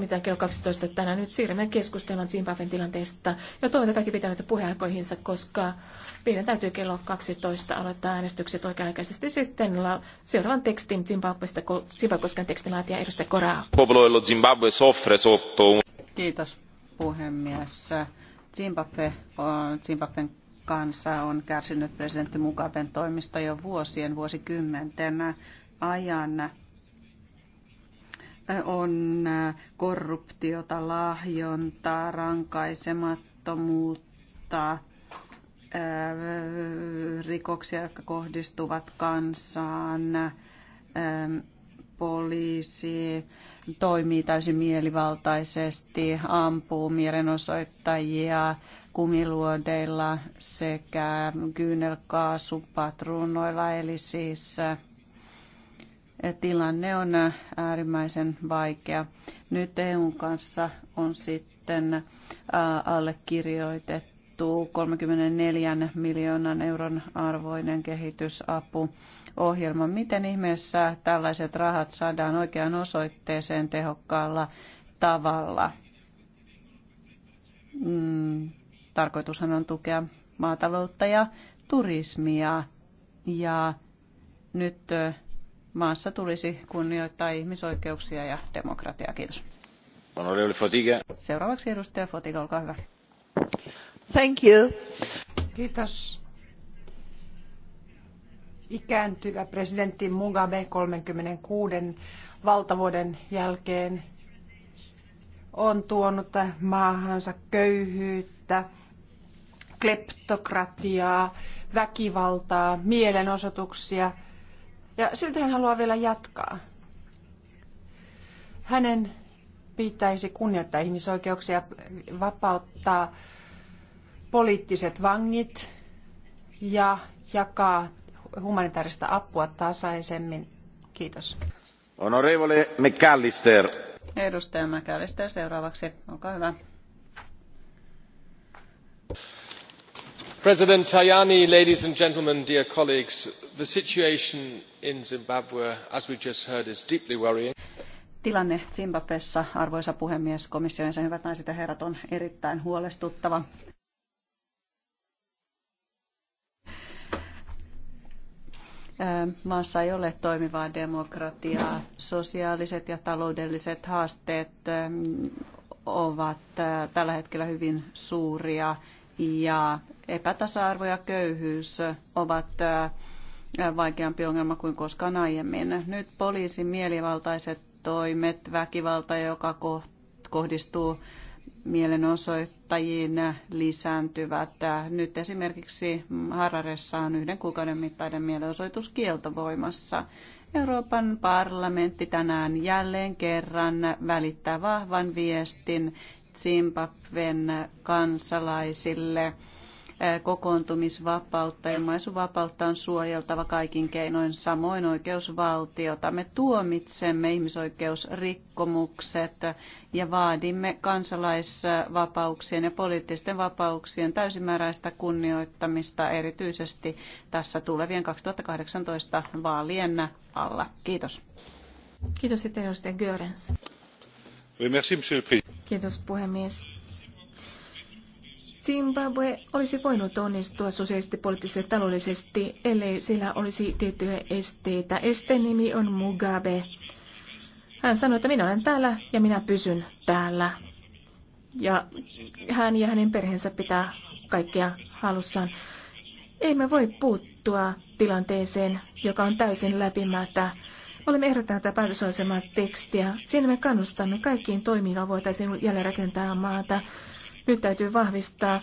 mitä kello 12 tänään. Nyt siirrymme keskustelemaan Zimbabwen tilanteesta ja toivotan kaikki pitävät puheaikoihinsa, koska meidän täytyy kello 12 aloittaa äänestykset oikea-aikaisesti. Sitten la- seuraavan tekstin Zimbabwesta, Zimbabweskan tekstin laatija edustaja Koraa. Zimbabwe soffre sotto. Kiitos puhemies. Zimbabwe Zimbabwen kanssa on kärsinyt presidentti Mugaben toimista jo vuosien, vuosikymmenten ajan on äh, korruptiota, lahjontaa, rankaisemattomuutta, äh, rikoksia, jotka kohdistuvat kansaan, ähm, poliisi toimii täysin mielivaltaisesti, ampuu mielenosoittajia kumiluodeilla sekä kyynelkaasupatruunoilla, eli siis äh, tilanne on äh, äärimmäisen vaikea. Nyt EUn kanssa on sitten äh, allekirjoitettu 34 miljoonan euron arvoinen kehitysapu ohjelma. Miten ihmeessä tällaiset rahat saadaan oikeaan osoitteeseen tehokkaalla tavalla? Mm, tarkoitushan on tukea maataloutta ja turismia. Ja nyt äh, maassa tulisi kunnioittaa ihmisoikeuksia ja demokratiaa. Kiitos. Seuraavaksi edustaja Fotiga, olkaa hyvä. Thank you. Kiitos. Ikääntyvä presidentti Mugabe 36 valtavuoden jälkeen on tuonut maahansa köyhyyttä, kleptokratiaa, väkivaltaa, mielenosoituksia – ja silti hän haluaa vielä jatkaa. Hänen pitäisi kunnioittaa ihmisoikeuksia, vapauttaa poliittiset vangit ja jakaa humanitaarista apua tasaisemmin. Kiitos. Honorevole McAllister. Edustaja McAllister seuraavaksi. Olkaa hyvä. President Tajani, ladies and gentlemen, dear colleagues, the situation Tilanne Zimbabwessa, arvoisa puhemies, komission jäsen, hyvät naiset ja herrat, on erittäin huolestuttava. maassa ei ole toimivaa demokratiaa. Sosiaaliset ja taloudelliset haasteet ovat tällä hetkellä hyvin suuria ja epätasa-arvo ja köyhyys ovat vaikeampi ongelma kuin koskaan aiemmin. Nyt poliisin mielivaltaiset toimet, väkivalta, joka kohdistuu mielenosoittajiin lisääntyvät. Nyt esimerkiksi Hararessa on yhden kuukauden mittainen mielenosoituskielto voimassa. Euroopan parlamentti tänään jälleen kerran välittää vahvan viestin Zimbabwen kansalaisille – kokoontumisvapautta, ilmaisuvapautta on suojeltava kaikin keinoin, samoin oikeusvaltiota. Me tuomitsemme ihmisoikeusrikkomukset ja vaadimme kansalaisvapauksien ja poliittisten vapauksien täysimääräistä kunnioittamista erityisesti tässä tulevien 2018 vaalien alla. Kiitos. Kiitos sitten edustaja Görens. Kiitos puhemies Zimbabwe olisi voinut onnistua sosiaalisesti, poliittisesti ja taloudellisesti, ellei sillä olisi tiettyjä esteitä. Esteen nimi on Mugabe. Hän sanoi, että minä olen täällä ja minä pysyn täällä. Ja hän ja hänen perheensä pitää kaikkea halussaan. Ei me voi puuttua tilanteeseen, joka on täysin läpimätä. Olemme ehdottaneet tätä päätösasemaa tekstiä. Siinä me kannustamme kaikkiin toimiin, joilla voitaisiin jälleenrakentaa maata. Nyt täytyy vahvistaa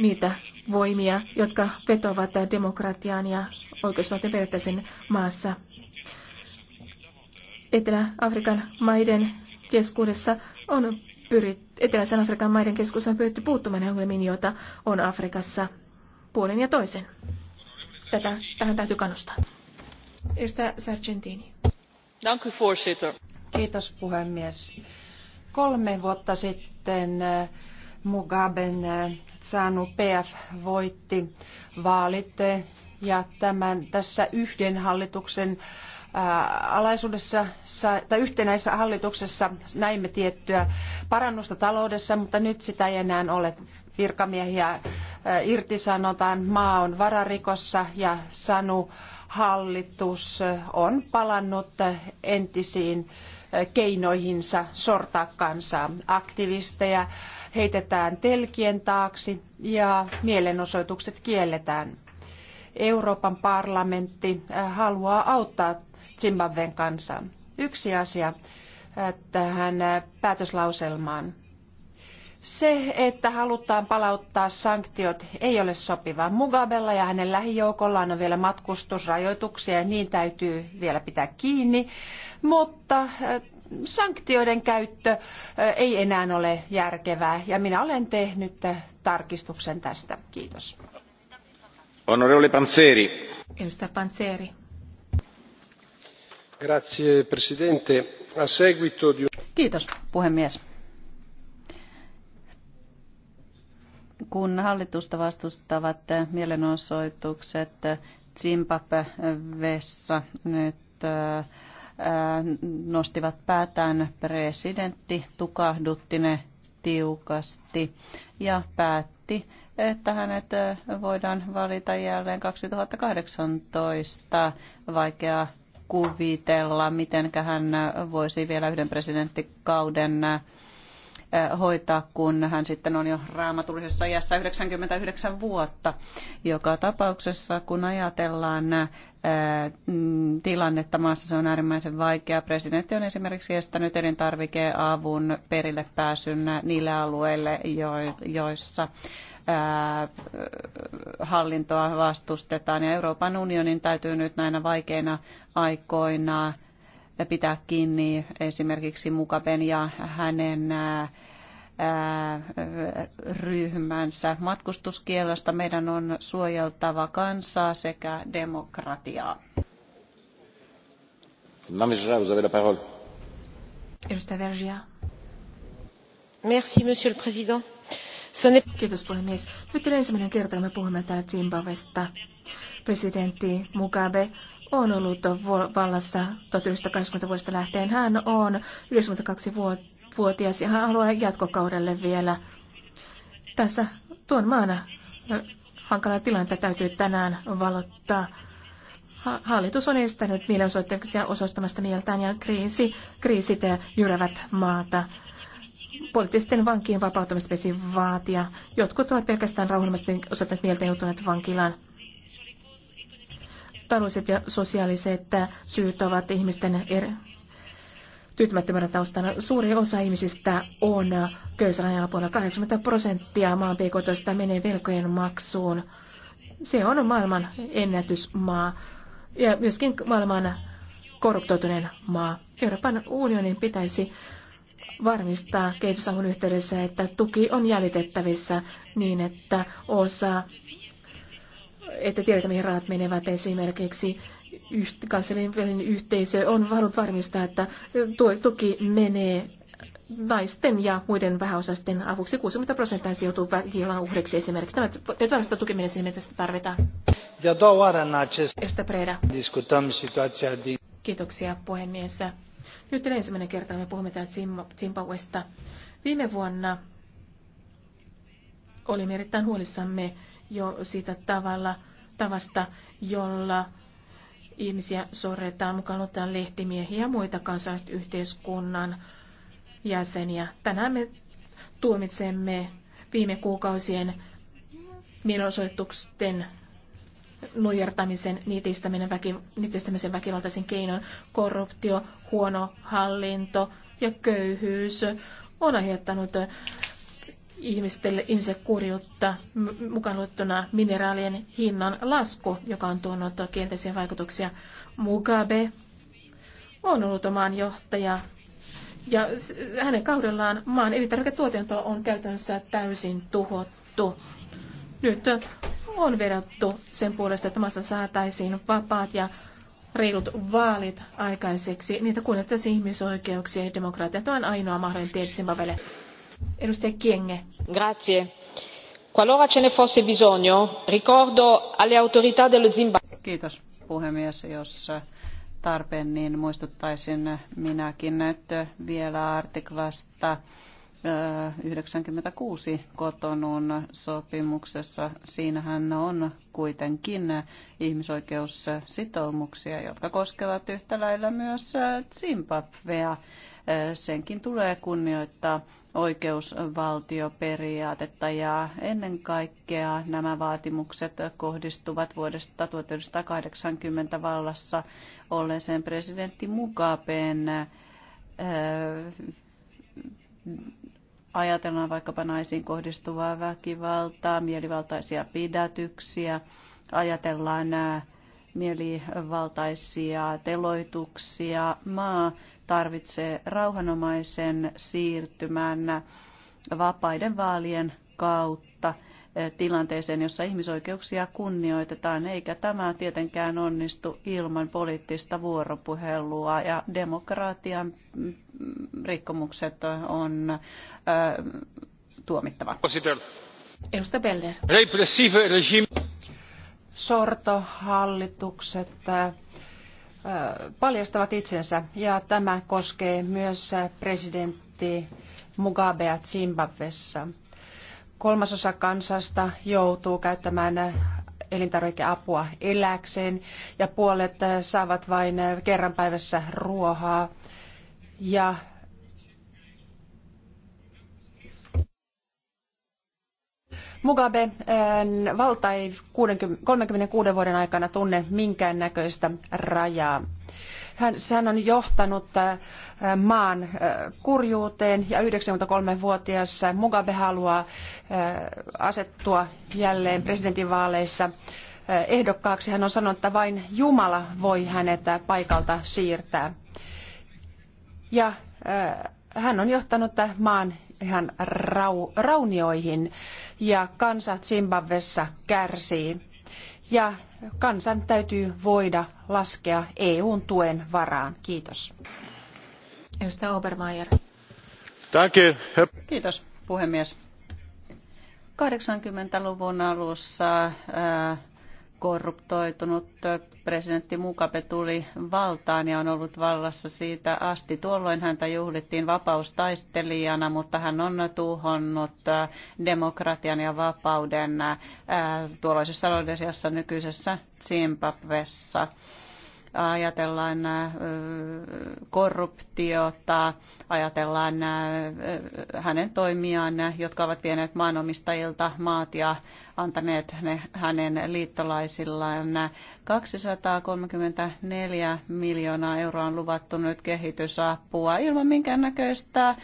niitä voimia, jotka vetovat demokratiaan ja oikeusvaltion periaatteeseen maassa. Etelä-Afrikan maiden keskuudessa on Eteläisen Afrikan maiden keskuudessa on pyritty puuttumaan ongelmiin, joita on Afrikassa puolin ja toisen. Tätä, tähän täytyy kannustaa. Edustaja Sargentini. voorzitter. Kiitos puhemies. Kolme vuotta sitten Mugaben eh, saanut PF voitti vaalit eh, ja tämän, tässä yhden hallituksen eh, alaisuudessa tai yhtenäisessä hallituksessa näimme tiettyä parannusta taloudessa, mutta nyt sitä ei enää ole. Virkamiehiä irtisanotaan, maa on vararikossa ja Sanu hallitus on palannut entisiin keinoihinsa sortaa kansaa. Aktivisteja heitetään telkien taakse ja mielenosoitukset kielletään. Euroopan parlamentti äh, haluaa auttaa Zimbabwen kansaa. Yksi asia äh, tähän äh, päätöslauselmaan. Se, että halutaan palauttaa sanktiot, ei ole sopivaa. Mugabella ja hänen lähijoukollaan on vielä matkustusrajoituksia ja niin täytyy vielä pitää kiinni, mutta äh, sanktioiden käyttö äh, ei enää ole järkevää ja minä olen tehnyt äh, tarkistuksen tästä. Kiitos. Onorevoli Panzeri. Edustaja Panzeri. Grazie, Presidente. A seguito di... Kiitos, puhemies kun hallitusta vastustavat mielenosoitukset Zimbabwessa nyt äh, nostivat päätään presidentti, tukahdutti ne tiukasti ja päätti, että hänet voidaan valita jälleen 2018. Vaikea kuvitella, miten hän voisi vielä yhden presidenttikauden hoitaa, kun hän sitten on jo raamatullisessa iässä 99 vuotta. Joka tapauksessa, kun ajatellaan mm, tilannetta maassa, se on äärimmäisen vaikea. Presidentti on esimerkiksi estänyt elintarvikeavun perille pääsyn niille alueille, joissa hallintoa vastustetaan. Ja Euroopan unionin täytyy nyt näinä vaikeina aikoina pitää kiinni esimerkiksi Mukaben ja hänen ryhmänsä matkustuskielosta Meidän on suojeltava kansaa sekä demokratiaa. Edustaja Vergia. Merci, monsieur le président. Kiitos puhemies. Nyt ensimmäinen kerta, kun me puhumme täällä Zimbabwesta. Presidentti Mugabe on ollut vallassa 1920 vuodesta lähtien. Hän on 92-vuotias ja hän haluaa jatkokaudelle vielä. Tässä tuon maana hankala tilanne täytyy tänään valottaa. Hallitus on estänyt mielenosoituksia osoittamasta mieltään ja kriisi, kriisit jyrävät maata. Poliittisten vankien vapautumista pesi vaatia. Jotkut ovat pelkästään rauhallisesti osoittaneet mieltä joutuneet vankilaan taloudelliset ja sosiaaliset syyt ovat ihmisten er- tyytymättömyyden taustana. Suuri osa ihmisistä on köysärajan alapuolella. 80 prosenttia maan pk menee velkojen maksuun. Se on maailman ennätysmaa ja myöskin maailman korruptoituneen maa. Euroopan unionin pitäisi varmistaa kehitysavun yhteydessä, että tuki on jäljitettävissä niin, että osa että tiedetä, mihin rahat menevät esimerkiksi. Kansainvälinen yhteisö on halunnut varmistaa, että tuo tuki menee naisten ja muiden vähäosaisten avuksi. 60 prosenttia joutuu väkivallan uhreiksi esimerkiksi. Tämä täytyy varmistaa menee sinne, mitä sitä tarvitaan. Kiitoksia puhemies. Nyt ensimmäinen kerta me puhumme täällä Zimbabwesta. Viime vuonna olimme erittäin huolissamme jo siitä tavalla, tavasta, jolla ihmisiä sorretaan, mukaan otetaan lehtimiehiä ja muita kansalaisyhteiskunnan jäseniä. Tänään me tuomitsemme viime kuukausien mielenosoitusten nujertamisen, nitistäminen, väki, nitistämisen väkivaltaisen keinon, korruptio, huono hallinto ja köyhyys on aiheuttanut ihmisille, ihmisille kurjuutta, mukaan luettuna mineraalien hinnan lasku, joka on tuonut kielteisiä vaikutuksia. Mugabe on ollut maan johtaja ja hänen kaudellaan maan elintarviketuotanto on käytännössä täysin tuhottu. Nyt on vedottu sen puolesta, että maassa saataisiin vapaat ja reilut vaalit aikaiseksi. Niitä kunnioittaisiin ihmisoikeuksia ja demokratia. Tämä on ainoa mahdollinen tie Zimbabwelle. Edustaja Kienge. Qualora ce ne fosse bisogno, ricordo alle autorità dello Zimbabwe. Kiitos puhemies, jos tarpeen, niin muistuttaisin minäkin että vielä artiklasta yhdeksänkymmentäkuusi kotonun sopimuksessa. Siinähän on kuitenkin ihmisoikeussitoumuksia, jotka koskevat yhtä lailla myös Zimbabwea senkin tulee kunnioittaa oikeusvaltioperiaatetta ja ennen kaikkea nämä vaatimukset kohdistuvat vuodesta 1980 vallassa olleeseen presidentti Mugabeen ajatellaan vaikkapa naisiin kohdistuvaa väkivaltaa, mielivaltaisia pidätyksiä, ajatellaan mielivaltaisia teloituksia. Maa tarvitsee rauhanomaisen siirtymän vapaiden vaalien kautta eh, tilanteeseen, jossa ihmisoikeuksia kunnioitetaan, eikä tämä tietenkään onnistu ilman poliittista vuoropuhelua ja demokraatian rikkomukset on äh, tuomittava. Edustaja Beller. Sortohallitukset eh, paljastavat itsensä ja tämä koskee myös presidentti Mugabea Zimbabwessa. Kolmasosa kansasta joutuu käyttämään elintarvikeapua eläkseen ja puolet saavat vain kerran päivässä ruohaa ja Mugabe valta ei 60, 36 vuoden aikana tunne minkäännäköistä rajaa. Hän, hän on johtanut äh, maan äh, kurjuuteen ja 93-vuotias Mugabe haluaa äh, asettua jälleen presidentinvaaleissa ehdokkaaksi. Hän on sanonut, että vain Jumala voi hänet paikalta siirtää. Ja hän on johtanut maan ihan rau, raunioihin ja kansa Zimbabwessa kärsii. Ja kansan täytyy voida laskea EUn tuen varaan. Kiitos. Edustaja Obermeier. Kiitos puhemies. 80-luvun alussa äh, korruptoitunut presidentti Mukabe tuli valtaan ja on ollut vallassa siitä asti. Tuolloin häntä juhlittiin vapaustaistelijana, mutta hän on tuhonnut äh, demokratian ja vapauden äh, tuolloisessa Rhodesiassa nykyisessä Zimbabwessa ajatellaan korruptiota, ajatellaan hänen toimiaan, jotka ovat vieneet maanomistajilta maat ja antaneet ne hänen liittolaisillaan. 234 miljoonaa euroa on luvattu nyt kehitysapua ilman minkäännäköistä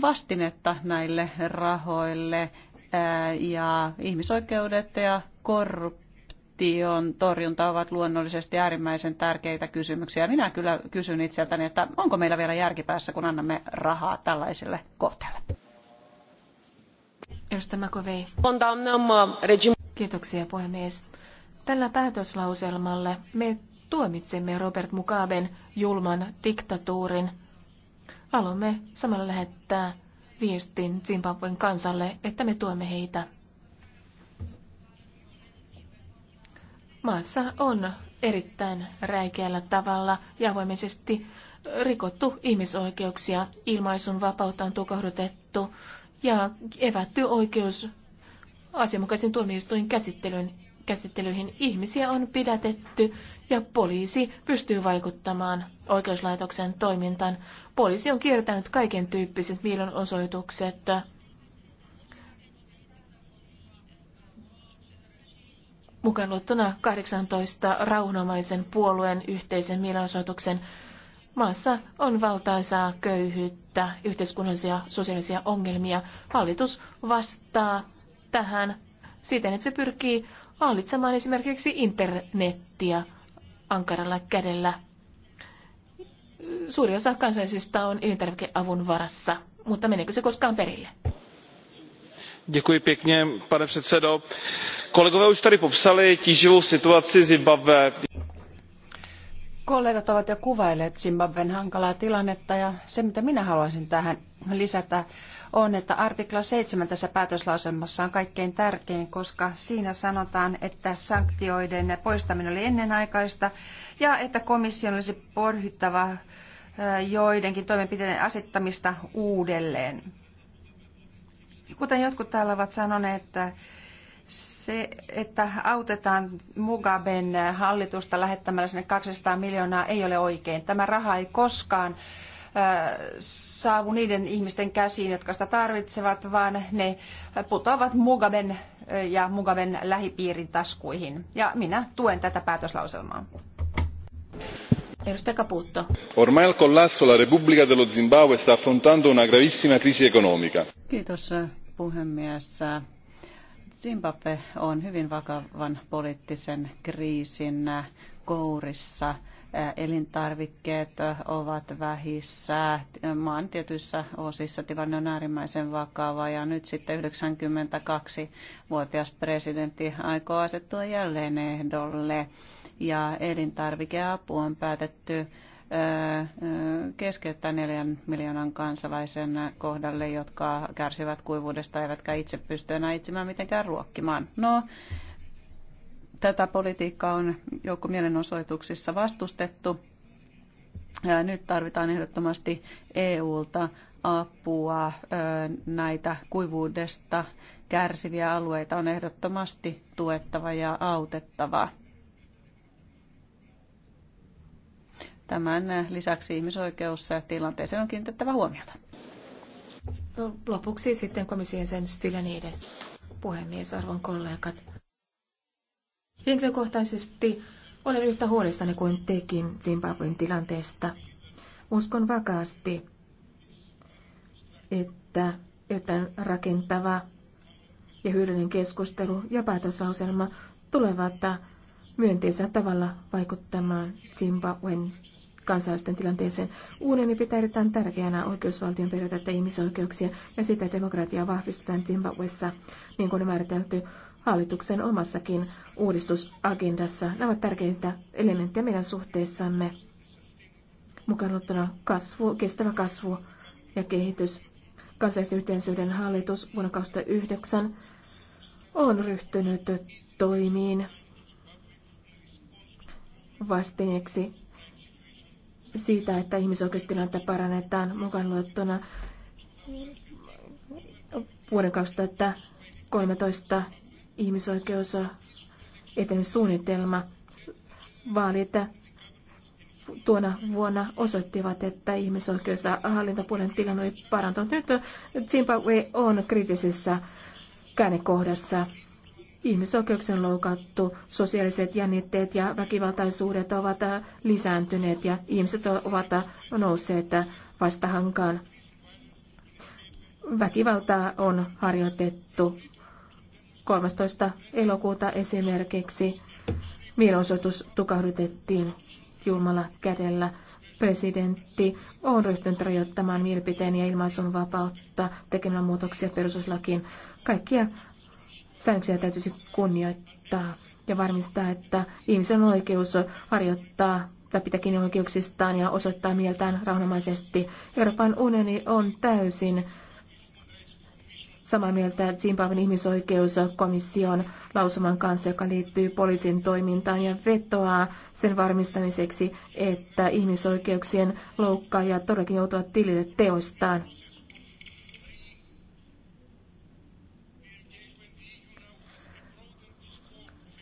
vastinetta näille rahoille ja ihmisoikeudet ja korruptio korruption torjunta ovat luonnollisesti äärimmäisen tärkeitä kysymyksiä. Minä kyllä kysyn itseltäni, että onko meillä vielä järkipäässä, kun annamme rahaa tällaiselle kohteelle. Kiitoksia puhemies. Tällä päätöslauselmalle me tuomitsemme Robert Mugaben julman diktatuurin. Haluamme samalla lähettää viestin Zimbabwen kansalle, että me tuemme heitä maassa on erittäin räikeällä tavalla ja avoimisesti rikottu ihmisoikeuksia, ilmaisun vapautta on tukahdutettu ja evätty oikeus asianmukaisen tuomioistuin käsittelyn, käsittelyihin. Ihmisiä on pidätetty ja poliisi pystyy vaikuttamaan oikeuslaitoksen toimintaan. Poliisi on kiertänyt kaiken tyyppiset mielenosoitukset mukaan luettuna 18 rauhanomaisen puolueen yhteisen mielenosoituksen. Maassa on valtaisaa köyhyyttä, yhteiskunnallisia sosiaalisia ongelmia. Hallitus vastaa tähän siten, että se pyrkii hallitsemaan esimerkiksi internettiä ankaralla kädellä. Suuri osa kansalaisista on elintarvikeavun varassa, mutta meneekö se koskaan perille? pane předsedající kolegové už tady popsali tíživou situaci zimbabwe. kollegat ovat jo kuvailleet zimbabwen hankalaa tilannetta ja se mitä minä haluaisin tähän lisätä on että artikla seitsemän tässä päätöslauselmassa on kaikkein tärkein koska siinä sanotaan että sanktioiden poistaminen oli ennenaikaista ja että komission olisi pohdittava joidenkin toimenpiteiden asettamista uudelleen. Kuten jotkut täällä ovat sanoneet, että se, että autetaan Mugaben hallitusta lähettämällä sinne 200 miljoonaa ei ole oikein. Tämä raha ei koskaan saavu niiden ihmisten käsiin, jotka sitä tarvitsevat, vaan ne putoavat Mugaben ja Mugaben lähipiirin taskuihin. Ja minä tuen tätä päätöslauselmaa. Ormai al collasso la Repubblica dello Zimbabwe sta affrontando una gravissima crisi economica. Kiitos puhemies. Zimbabwe on hyvin vakavan poliittisen kriisin kourissa. Elintarvikkeet ovat vähissä. Maan tietyissä osissa tilanne on äärimmäisen vakava ja nyt sitten 92-vuotias presidentti aikoo asettua jälleen ehdolle ja elintarvikeapu on päätetty keskeyttää neljän miljoonan kansalaisen kohdalle, jotka kärsivät kuivuudesta eivätkä itse pysty enää itsemään mitenkään ruokkimaan. No, tätä politiikkaa on joukko mielenosoituksissa vastustettu. Nyt tarvitaan ehdottomasti EUlta apua näitä kuivuudesta kärsiviä alueita on ehdottomasti tuettava ja autettava. Tämän lisäksi ihmisoikeustilanteeseen on kiinnitettävä huomiota. Lopuksi sitten komission sen Stylianides. Puhemies, arvon kollegat. Henkilökohtaisesti olen yhtä huolissani kuin tekin zimbabwein tilanteesta. Uskon vakaasti, että että rakentava ja hyödyllinen keskustelu ja päätösauselma tulevat myönteisellä tavalla vaikuttamaan Zimbabwen kansalaisten tilanteeseen. Unioni pitää erittäin tärkeänä oikeusvaltion periaatteita ihmisoikeuksia ja sitä demokratiaa vahvistetaan Zimbabwessa, niin kuin määritelty hallituksen omassakin uudistusagendassa. Nämä ovat tärkeitä elementtejä meidän suhteessamme mukaan ottana kasvu, kestävä kasvu ja kehitys. Kansallisen yhteisöiden hallitus vuonna 2009 on ryhtynyt toimiin vastineeksi siitä, että ihmisoikeustilannetta parannetaan mukaan luettuna vuoden 2013 ihmisoikeus etenemissuunnitelma vaalit tuona vuonna osoittivat, että ihmisoikeus- ja hallintopuolen tilanne oli parantunut. Nyt Zimbabwe on kriittisessä käännekohdassa ihmisoikeuksien loukattu, sosiaaliset jännitteet ja väkivaltaisuudet ovat äh, lisääntyneet ja ihmiset ovat äh, nousseet äh, vastahankaan. Väkivaltaa on harjoitettu 13. elokuuta esimerkiksi mielenosoitus tukahdutettiin julmalla kädellä. Presidentti on ryhtynyt rajoittamaan mielipiteen ja ilmaisun vapautta tekemään muutoksia perustuslakiin. Kaikkia Säännöksiä täytyisi kunnioittaa ja varmistaa, että ihmisen on oikeus harjoittaa tai pitäkin oikeuksistaan ja osoittaa mieltään rauhanomaisesti. Euroopan unioni on täysin samaa mieltä Zimbabwen ihmisoikeuskomission lausuman kanssa, joka liittyy poliisin toimintaan ja vetoaa sen varmistamiseksi, että ihmisoikeuksien loukkaajat todellakin joutuvat tilille teostaan.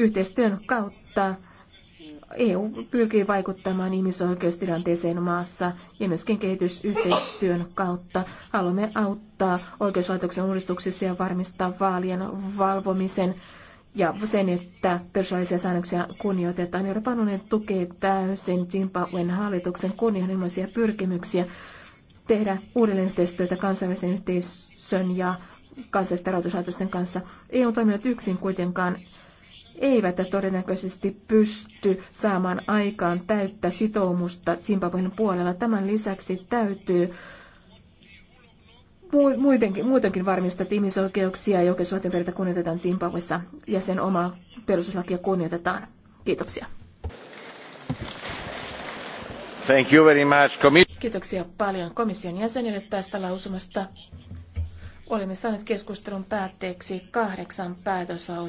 Yhteistyön kautta EU pyrkii vaikuttamaan ihmisoikeustilanteeseen maassa ja myöskin kehitysyhteistyön kautta. Haluamme auttaa oikeuslaitoksen uudistuksissa ja varmistaa vaalien valvomisen ja sen, että perustuslaillisia säännöksiä kunnioitetaan. Euroopan unioni tukee täysin Zimbabwen hallituksen kunnianhimoisia pyrkimyksiä tehdä uudelleen yhteistyötä kansainvälisen yhteisön ja kansallisten rahoituslaitosten kanssa. EU toiminut yksin kuitenkaan eivät todennäköisesti pysty saamaan aikaan täyttä sitoumusta Zimbabwen puolella. Tämän lisäksi täytyy muutenkin, muutenkin varmistaa, että ihmisoikeuksia ja oikeusvaltion periaatteita kunnioitetaan Zimbabwessa ja sen omaa perustuslakia kunnioitetaan. Kiitoksia. Thank you very much. Kiitoksia paljon komission jäsenille tästä lausumasta. Olemme saaneet keskustelun päätteeksi kahdeksan päätöslausumaa.